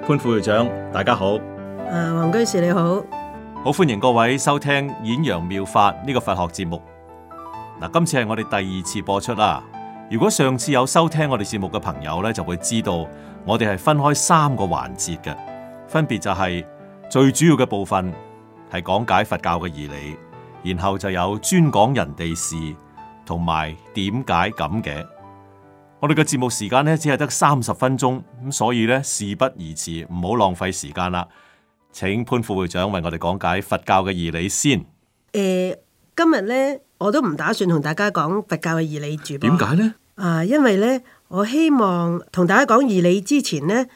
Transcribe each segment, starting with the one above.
潘副會長，大家好。誒，黃居士你好，好歡迎各位收聽《演揚妙法》呢個佛學節目。嗱，今次係我哋第二次播出啦。如果上次有收聽我哋節目嘅朋友咧，就會知道我哋係分開三個環節嘅，分別就係最主要嘅部分係講解佛教嘅義理，然後就有專講人哋事，同埋點解咁嘅。我哋嘅節目時間呢，只係得三十分鐘，咁所以呢，事不宜遲，唔好浪費時間啦。請潘副會長為我哋講解佛教嘅義理先。誒、呃，今日呢，我都唔打算同大家講佛教嘅義理住。點解呢？啊，因為呢，我希望同大家講義理之前呢，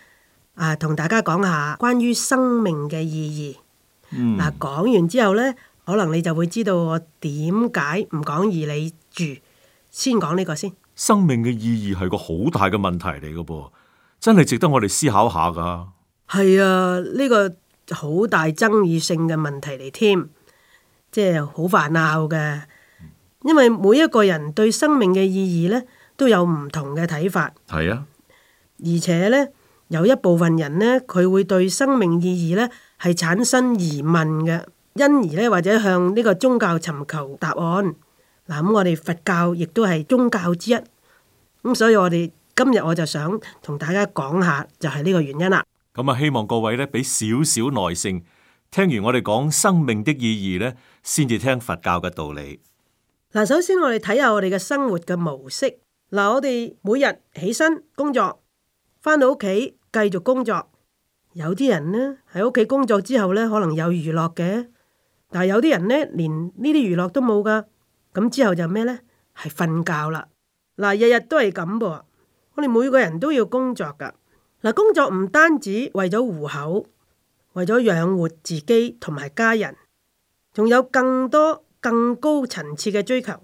啊，同大家講下關於生命嘅意義。嗯。嗱、啊，講完之後呢，可能你就會知道我點解唔講義理住，先講呢個先。生命嘅意義係個好大嘅問題嚟嘅噃，真係值得我哋思考下噶。係啊，呢個好大爭議性嘅問題嚟添，即係好煩拗嘅。因為每一個人對生命嘅意義呢，都有唔同嘅睇法。係啊，而且呢，有一部分人呢，佢會對生命意義呢係產生疑問嘅，因而呢，或者向呢個宗教尋求答案。嗱，咁我哋佛教亦都係宗教之一，咁所以我哋今日我就想同大家講下，就係呢個原因啦。咁啊，希望各位咧俾少少耐性，聽完我哋講生命嘅意義咧，先至聽佛教嘅道理。嗱，首先我哋睇下我哋嘅生活嘅模式。嗱，我哋每日起身工作，返到屋企繼續工作。有啲人咧喺屋企工作之後咧，可能有娛樂嘅，但係有啲人咧連呢啲娛樂都冇㗎。咁之後就咩呢？係瞓覺啦。嗱，日日都係咁噃。我哋每個人都要工作噶。嗱，工作唔單止為咗糊口，為咗養活自己同埋家人，仲有更多更高層次嘅追求，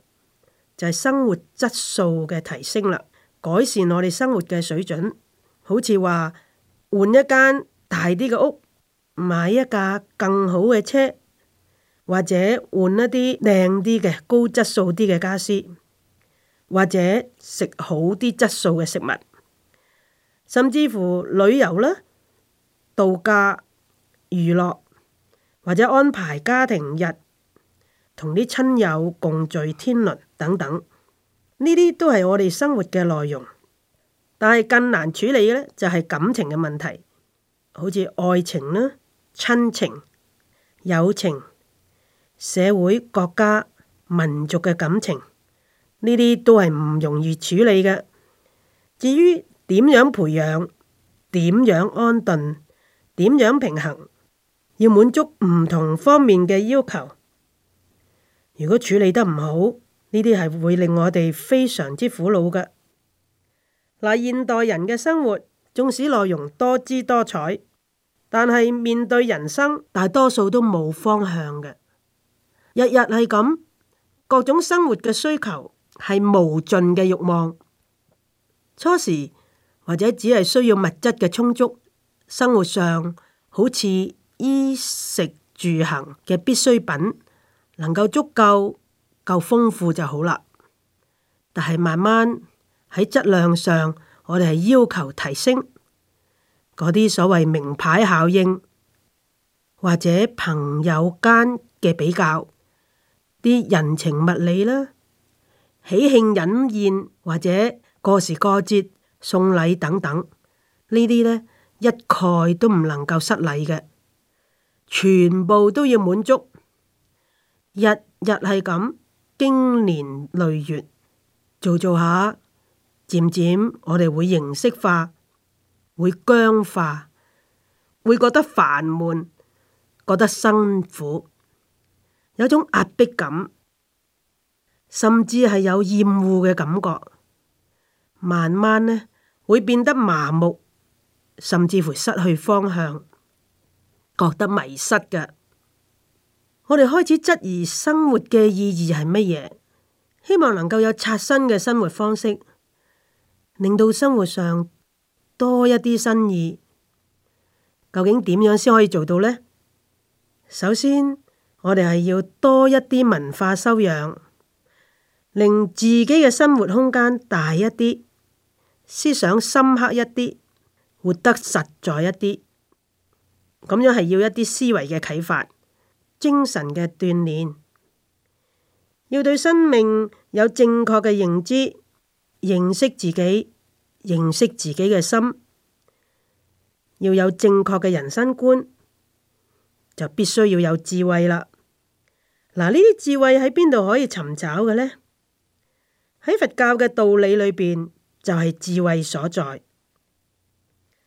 就係生活質素嘅提升啦，改善我哋生活嘅水準。好似話換一間大啲嘅屋，買一架更好嘅車。或者換一啲靚啲嘅高質素啲嘅家俬，或者食好啲質素嘅食物，甚至乎旅遊啦、度假、娛樂，或者安排家庭日同啲親友共聚天倫等等，呢啲都係我哋生活嘅內容。但係更難處理嘅咧，就係感情嘅問題，好似愛情啦、親情、友情。社會、國家、民族嘅感情，呢啲都係唔容易處理嘅。至於點樣培養、點樣安頓、點樣平衡，要滿足唔同方面嘅要求。如果處理得唔好，呢啲係會令我哋非常之苦惱嘅。嗱，現代人嘅生活，縱使內容多姿多彩，但係面對人生，大多數都冇方向嘅。日日係咁，各種生活嘅需求係無盡嘅欲望。初時或者只係需要物質嘅充足，生活上好似衣食住行嘅必需品能夠足夠夠豐富就好啦。但係慢慢喺質量上，我哋係要求提升嗰啲所謂名牌效應，或者朋友間嘅比較。啲人情物理啦，喜慶飲宴或者過時過節送禮等等，呢啲呢一概都唔能夠失禮嘅，全部都要滿足。日日係咁，經年累月做做下，漸漸我哋會形式化，會僵化，會覺得煩悶，覺得辛苦。有種壓迫感，甚至係有厭惡嘅感覺。慢慢呢，會變得麻木，甚至乎失去方向，覺得迷失嘅。我哋開始質疑生活嘅意義係乜嘢，希望能夠有刷新嘅生活方式，令到生活上多一啲新意。究竟點樣先可以做到呢？首先。我哋係要多一啲文化修養，令自己嘅生活空間大一啲，思想深刻一啲，活得實在一啲。咁樣係要一啲思維嘅啟發，精神嘅鍛鍊，要對生命有正確嘅認知，認識自己，認識自己嘅心，要有正確嘅人生觀，就必須要有智慧啦。嗱，呢啲智慧喺邊度可以尋找嘅呢？喺佛教嘅道理裏邊，就係智慧所在。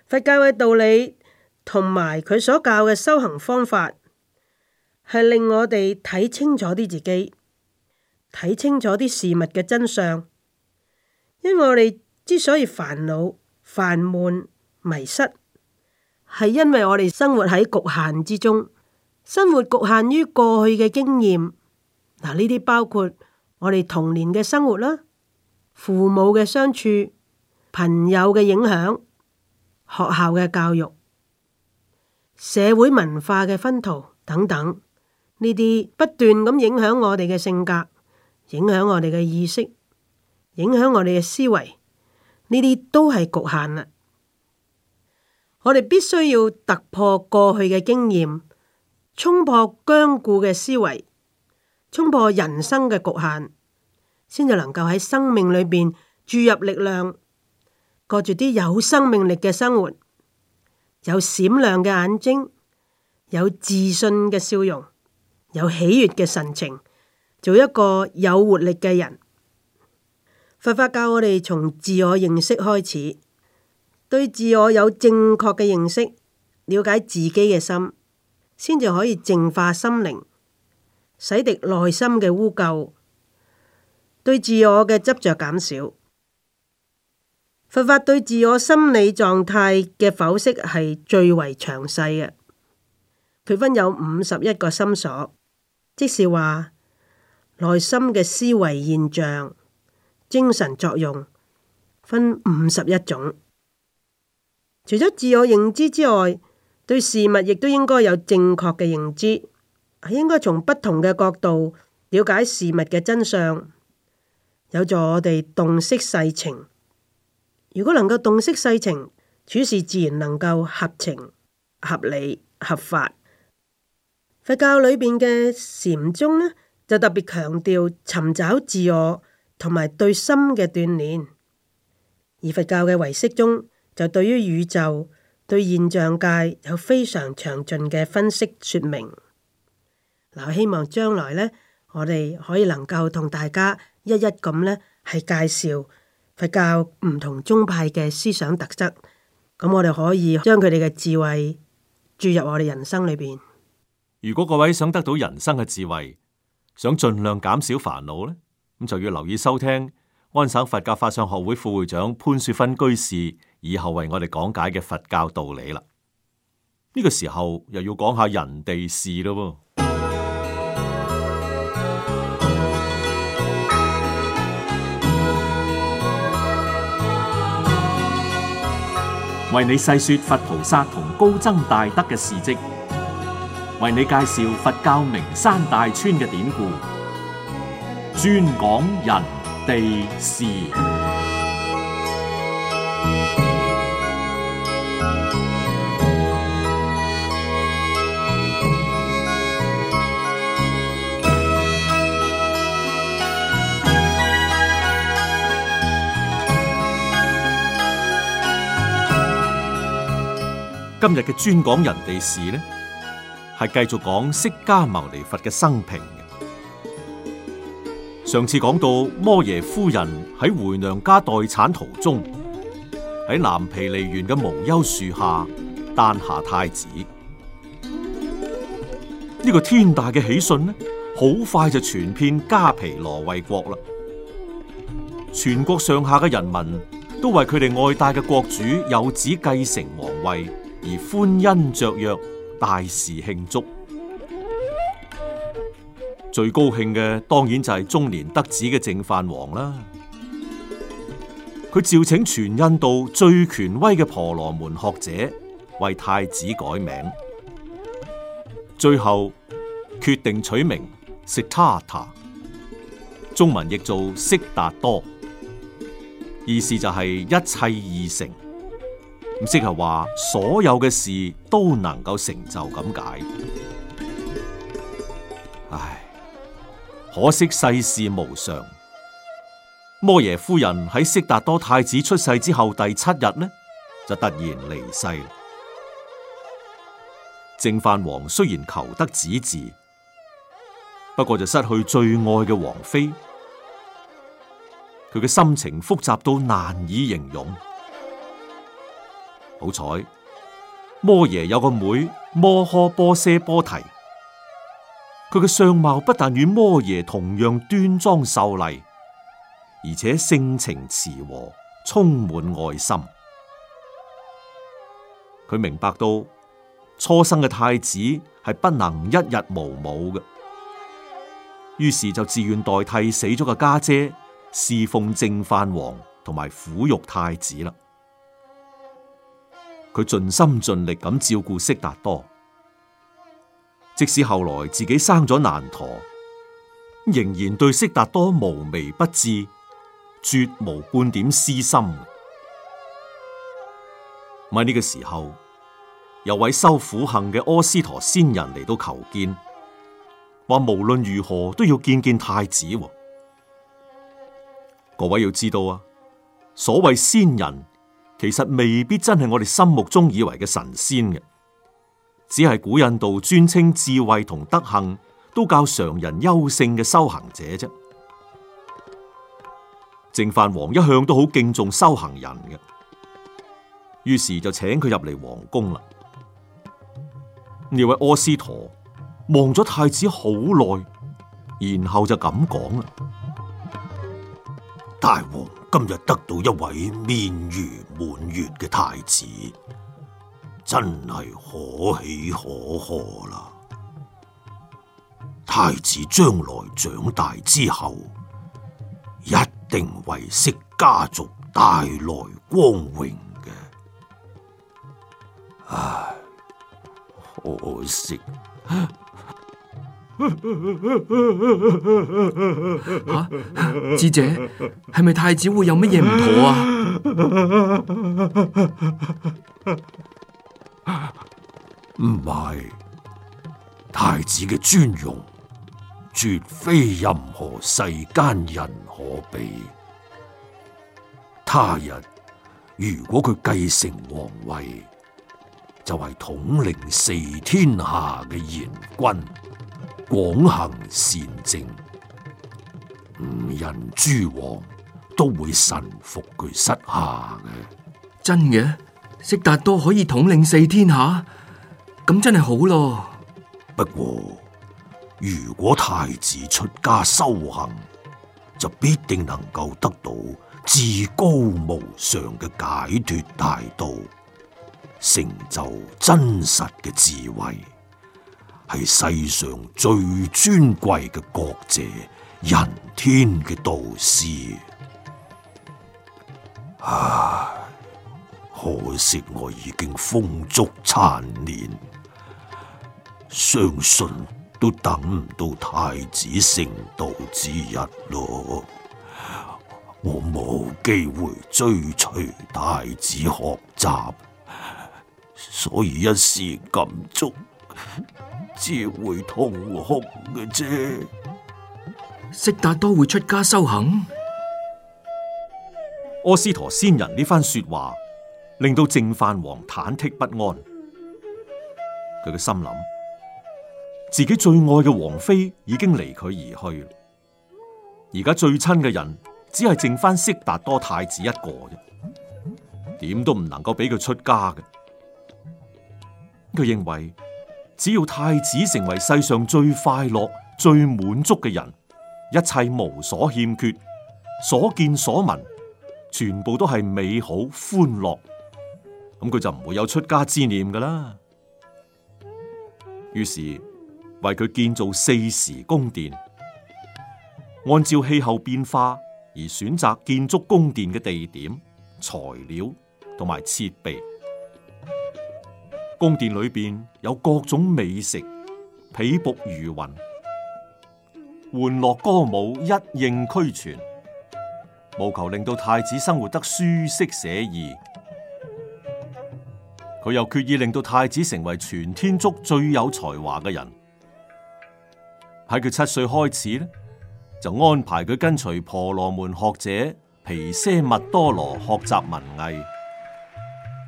佛教嘅道理同埋佢所教嘅修行方法，係令我哋睇清楚啲自己，睇清楚啲事物嘅真相。因為我哋之所以煩惱、煩悶、迷失，係因為我哋生活喺局限之中。生活局限於過去嘅經驗，嗱，呢啲包括我哋童年嘅生活啦、父母嘅相處、朋友嘅影響、學校嘅教育、社會文化嘅薰陶等等，呢啲不斷咁影響我哋嘅性格，影響我哋嘅意識，影響我哋嘅思維，呢啲都係局限啦。我哋必須要突破過去嘅經驗。衝破僵固嘅思維，衝破人生嘅局限，先至能夠喺生命裏邊注入力量，過住啲有生命力嘅生活，有閃亮嘅眼睛，有自信嘅笑容，有喜悦嘅神情，做一個有活力嘅人。佛法教我哋從自我認識開始，對自我有正確嘅認識，了解自己嘅心。先至可以淨化心靈，洗滌內心嘅污垢，對自我嘅執着減少。佛法對自我心理狀態嘅剖析係最為詳細嘅，佢分有五十一個心所，即是話內心嘅思維現象、精神作用分五十一種。除咗自我認知之外，對事物亦都應該有正確嘅認知，係應該從不同嘅角度了解事物嘅真相，有助我哋洞悉世情。如果能夠洞悉世情，處事自然能夠合情、合理、合法。佛教裏邊嘅禪宗呢，就特別強調尋找自我同埋對心嘅鍛鍊，而佛教嘅唯識宗，就對於宇宙，對現象界有非常詳盡嘅分析說明。嗱，希望將來呢，我哋可以能夠同大家一一咁呢係介紹佛教唔同宗派嘅思想特質。咁我哋可以將佢哋嘅智慧注入我哋人生裏邊。如果各位想得到人生嘅智慧，想盡量減少煩惱呢，咁就要留意收聽安省佛教法相學會副會長潘雪芬居士。以後為我哋講解嘅佛教道理啦，呢個時候又要講下人哋事咯。為你細說佛菩薩同高僧大德嘅事跡，為你介紹佛教名山大川嘅典故，專講人哋事。今日嘅專講人哋事，呢係繼續講釋迦牟尼佛嘅生平。上次講到摩耶夫人喺回娘家待產途中，喺藍毗尼園嘅無憂樹下誕下太子。呢個天大嘅喜訊呢，好快就傳遍迦毗羅衛國啦。全國上下嘅人民都為佢哋愛戴嘅國主有子繼承皇位而歡欣雀躍，大肆慶祝。最高興嘅當然就係中年得子嘅淨飯王啦。佢召請全印度最權威嘅婆羅門學者為太子改名，最後決定取名悉塔塔，ata, 中文譯做悉達多，意思就係一切義成。即係話所有嘅事都能夠成就咁解，唉，可惜世事無常。摩耶夫人喺悉達多太子出世之後第七日呢，就突然離世。淨飯王雖然求得子嗣，不過就失去最愛嘅王妃，佢嘅心情複雜到難以形容。好彩，摩耶有個妹摩訶波闍波提，佢嘅相貌不但與摩耶同樣端莊秀麗，而且性情慈和，充滿愛心。佢明白到初生嘅太子係不能一日無母嘅，於是就自願代替死咗嘅家姐侍奉淨飯王同埋撫育太子啦。佢盡心盡力咁照顧悉達多，即使後來自己生咗難陀，仍然對悉達多無微不至，絕無半點私心。喺呢個時候，有位修苦行嘅阿斯陀仙人嚟到求見，話無論如何都要見見太子。各位要知道啊，所謂仙人。其實未必真係我哋心目中以為嘅神仙嘅，只係古印度尊稱智慧同德行都較常人優勝嘅修行者啫。淨飯王一向都好敬重修行人嘅，於是就請佢入嚟皇宮啦。呢位阿斯陀望咗太子好耐，然後就咁講啦。大王今日得到一位面如滿月嘅太子，真係可喜可賀啦！太子將來長大之後，一定為釋迦族帶來光榮嘅。唉，可惜。吓、啊、智者，係咪太子會有乜嘢唔妥啊？唔係，太子嘅尊容，絕非任何世間人可比。他日如果佢繼承皇位，就係、是、統領四天下嘅賢君。廣行善政，吾人諸王都會臣服佢膝下嘅。真嘅，悉達多可以統領四天下，咁真係好咯。不過如果太子出家修行，就必定能夠得到至高無上嘅解脫大道，成就真實嘅智慧。係世上最尊貴嘅國者，人天嘅導師。唉，可惜我已經風燭殘年，相信都等唔到太子成道之日咯。我冇機會追隨太子學習，所以一時咁足。 只會痛哭嘅啫。悉達多會出家修行？阿斯陀仙人呢番說話，令到淨飯王忐忑不安。佢嘅心諗，自己最愛嘅王妃已經離佢而去，而家最親嘅人，只係剩翻悉達多太子一個啫。點都唔能夠俾佢出家嘅。佢認為。只要太子成為世上最快樂、最滿足嘅人，一切無所欠缺，所見所聞全部都係美好歡樂，咁佢就唔會有出家之念噶啦。於是為佢建造四時宮殿，按照氣候變化而選擇建築宮殿嘅地點、材料同埋設備。宮殿裏邊有各種美食，綺薄如雲，玩樂歌舞一應俱全，務求令到太子生活得舒適寫意。佢又決意令到太子成為全天竺最有才華嘅人。喺佢七歲開始呢，就安排佢跟隨婆羅門學者皮些密多羅學習文藝。.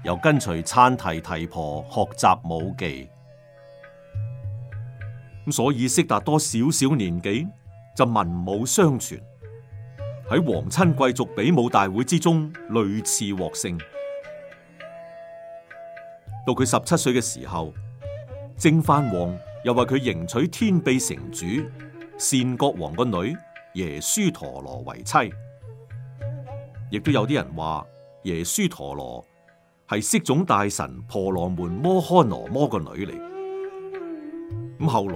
又跟隨餐提提婆學習武技，咁所以悉達多小小年紀就文武雙全，喺皇親貴族比武大會之中屢次獲勝。到佢十七歲嘅時候，正藩王又為佢迎娶天臂城主善國王個女耶輸陀羅為妻，亦都有啲人話耶輸陀羅。係釋種大神婆羅門摩訶羅摩個女嚟，咁後來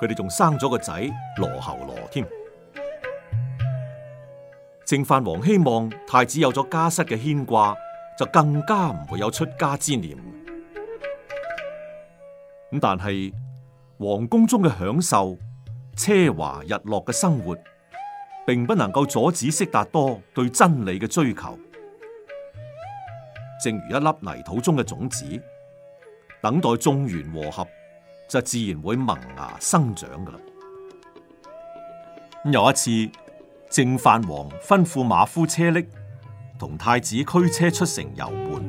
佢哋仲生咗個仔羅睺羅添。淨飯王希望太子有咗家室嘅牽掛，就更加唔會有出家之念。咁但係皇宮中嘅享受奢華日落嘅生活，並不能夠阻止悉達多對真理嘅追求。正如一粒泥土中嘅種子，等待眾緣和合，就自然會萌芽生長噶啦。咁、嗯、有一次，淨飯王吩咐馬夫車匿同太子驅車出城遊玩，咁、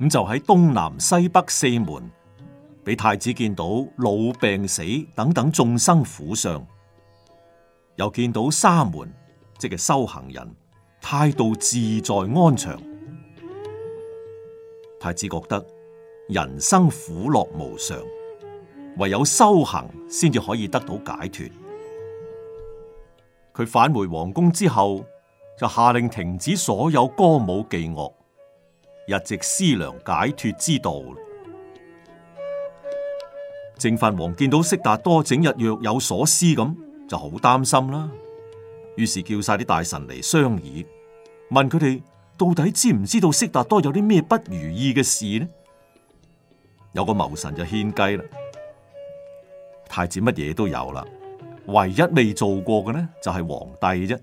嗯、就喺東南西北四門，俾太子見到老病死等等眾生苦相，又見到沙門即係修行人態度自在安詳。太子覺得人生苦樂無常，唯有修行先至可以得到解脫。佢返回皇宮之後，就下令停止所有歌舞伎樂，日夕思量解脫之道。淨飯王見到悉達多整日若有所思咁，就好擔心啦，於是叫晒啲大臣嚟商議，問佢哋。到底知唔知道悉達多有啲咩不如意嘅事呢？有個謀臣就獻計啦，太子乜嘢都有啦，唯一未做過嘅呢就係皇帝啫。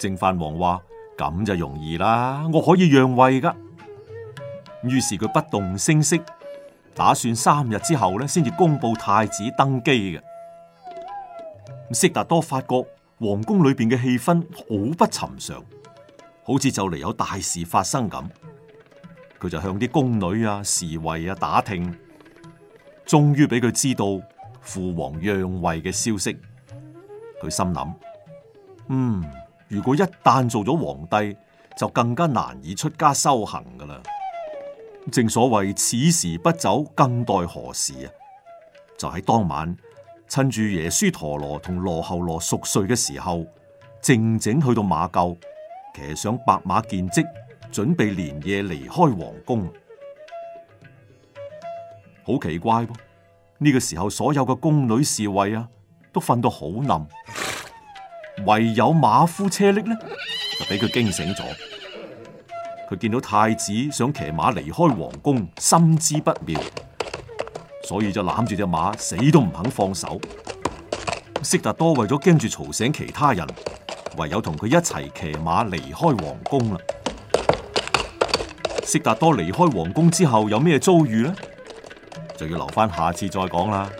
淨飯王話：咁就容易啦，我可以讓位噶。於是佢不動聲色，打算三日之後呢先至公布太子登基嘅。悉達多發覺皇宮裏邊嘅氣氛好不尋常。好似就嚟有大事發生咁，佢就向啲宮女啊、侍衞啊打聽，終於俾佢知道父皇讓位嘅消息。佢心諗：嗯，如果一旦做咗皇帝，就更加難以出家修行噶啦。正所謂此時不走，更待何時啊？就喺當晚，趁住耶輸陀羅同羅睺羅熟睡嘅時候，靜靜去到馬厩。騎上白馬犍陟，準備連夜離開皇宮。好奇怪噃、哦！呢、這個時候，所有嘅宮女侍衛啊，都瞓到好冧，唯有馬夫車匿呢，就俾佢驚醒咗。佢見到太子想騎馬離開皇宮，心知不妙，所以就攬住隻馬，死都唔肯放手。悉達多為咗驚住吵醒其他人，唯有同佢一齊騎馬離開皇宮啦。悉達多離開皇宮之後有咩遭遇呢？就要留翻下次再講啦。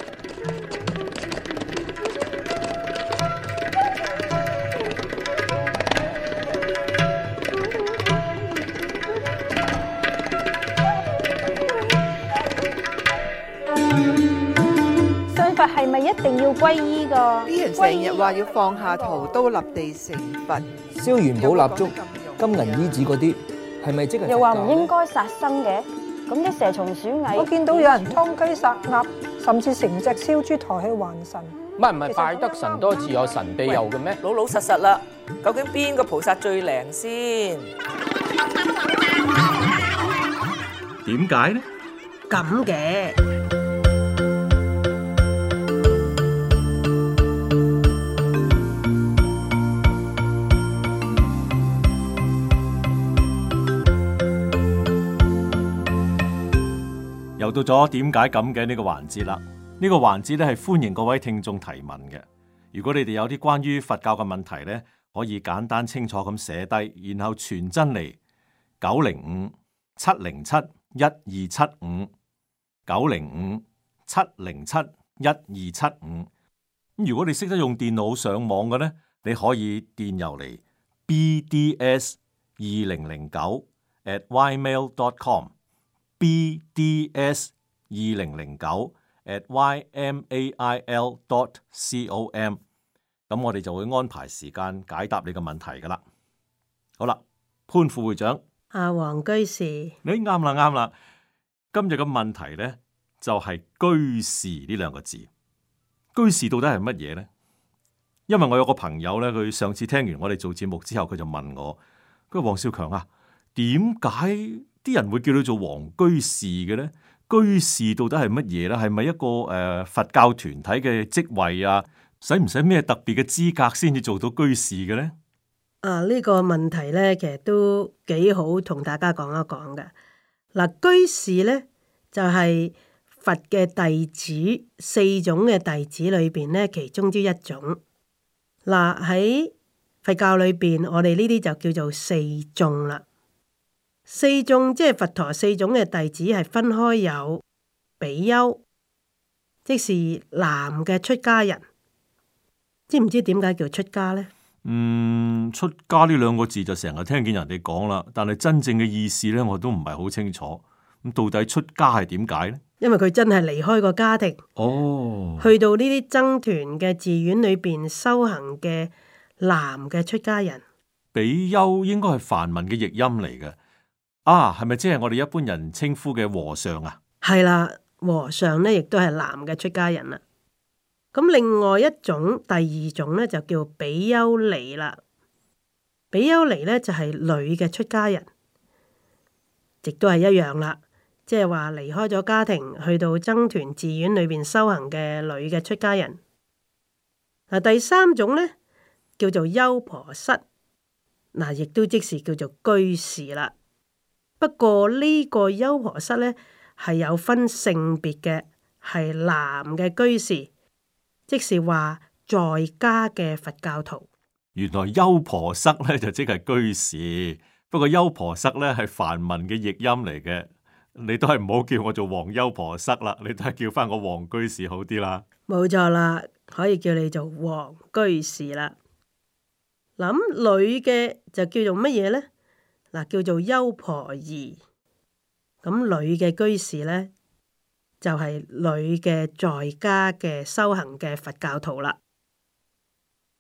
皈依噶，啲人成日話要放下屠刀，立地成佛，燒元寶蠟燭、金銀衣紙嗰啲，係咪即係？又話唔應該殺生嘅，咁啲蛇蟲鼠蟻，我見到有人劏雞殺鴨，甚至成隻燒豬抬去還神。唔係，唔係拜得神多自有神庇佑嘅咩？老老實實啦，究竟邊個菩薩最靈先？點解呢？咁嘅。到咗點解咁嘅呢個環節啦？呢個環節咧係歡迎各位聽眾提問嘅。如果你哋有啲關於佛教嘅問題咧，可以簡單清楚咁寫低，然後傳真嚟九零五七零七一二七五九零五七零七一二七五。咁如果你識得用電腦上網嘅咧，你可以電郵嚟 bds 二零零九 @ymail.com。BDS 二零零九 at ymail dot com，咁我哋就會安排時間解答你個問題噶啦。好啦，潘副會長，阿黃、啊、居士，你啱啦啱啦。今日個問題咧就係、是、居士呢兩個字，居士到底係乜嘢咧？因為我有個朋友咧，佢上次聽完我哋做節目之後，佢就問我，佢話黃少強啊，點解？啲人會叫你做黃居士嘅咧，居士到底係乜嘢咧？係咪一個誒、呃、佛教團體嘅職位啊？使唔使咩特別嘅資格先至做到居士嘅咧？啊，呢、這個問題咧，其實都幾好同大家講一講嘅。嗱、啊，居士咧就係、是、佛嘅弟子，四種嘅弟子裏邊咧其中之一種。嗱、啊、喺佛教裏邊，我哋呢啲就叫做四眾啦。四眾即係佛陀四種嘅弟子係分開有比丘，即是男嘅出家人。知唔知點解叫出家呢？嗯，出家呢兩個字就成日聽見人哋講啦，但係真正嘅意思咧，我都唔係好清楚。咁到底出家係點解呢？因為佢真係離開個家庭哦，去到呢啲僧團嘅寺院裏邊修行嘅男嘅出家人。比丘應該係梵文嘅譯音嚟嘅。啊，係咪即係我哋一般人稱呼嘅和尚啊？係啦，和尚呢亦都係男嘅出家人啦。咁另外一種，第二種呢就叫比丘尼啦。比丘尼呢就係女嘅出家人，亦都係一樣啦，即係話離開咗家庭，去到僧團寺院裏邊修行嘅女嘅出家人。嗱，第三種呢，叫做優婆室，嗱，亦都即是叫做居士啦。不過個呢個優婆塞咧係有分性別嘅，係男嘅居士，即是話在家嘅佛教徒。原來優婆塞咧就即係居士，不過優婆塞咧係梵文嘅譯音嚟嘅，你都係唔好叫我做王優婆塞啦，你都係叫翻個王居士好啲啦。冇錯啦，可以叫你做王居士啦。嗱，咁女嘅就叫做乜嘢咧？嗱，叫做優婆夷，咁女嘅居士咧，就係、是、女嘅在家嘅修行嘅佛教徒啦。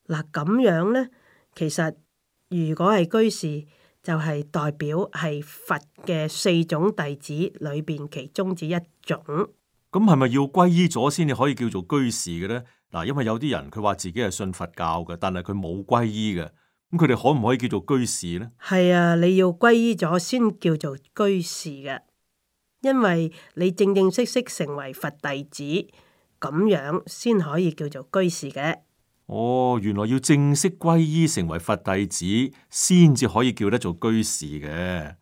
嗱，咁樣咧，其實如果係居士，就係、是、代表係佛嘅四種弟子裏邊其中之一種。咁係咪要皈依咗先至可以叫做居士嘅咧？嗱，因為有啲人佢話自己係信佛教嘅，但係佢冇皈依嘅。咁佢哋可唔可以叫做居士呢？係啊，你要皈依咗先叫做居士嘅，因為你正正式式成為佛弟子，咁樣先可以叫做居士嘅。哦，原來要正式皈依成為佛弟子，先至可以叫得做居士嘅。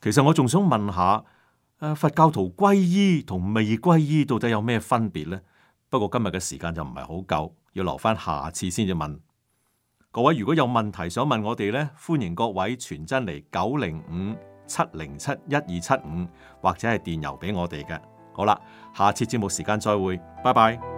其實我仲想問下，佛教徒皈依同未皈依到底有咩分別呢？不過今日嘅時間就唔係好夠，要留翻下次先至問。各位如果有問題想問我哋咧，歡迎各位傳真嚟九零五七零七一二七五，75，或者係電郵俾我哋嘅。好啦，下次節目時間再會，拜拜。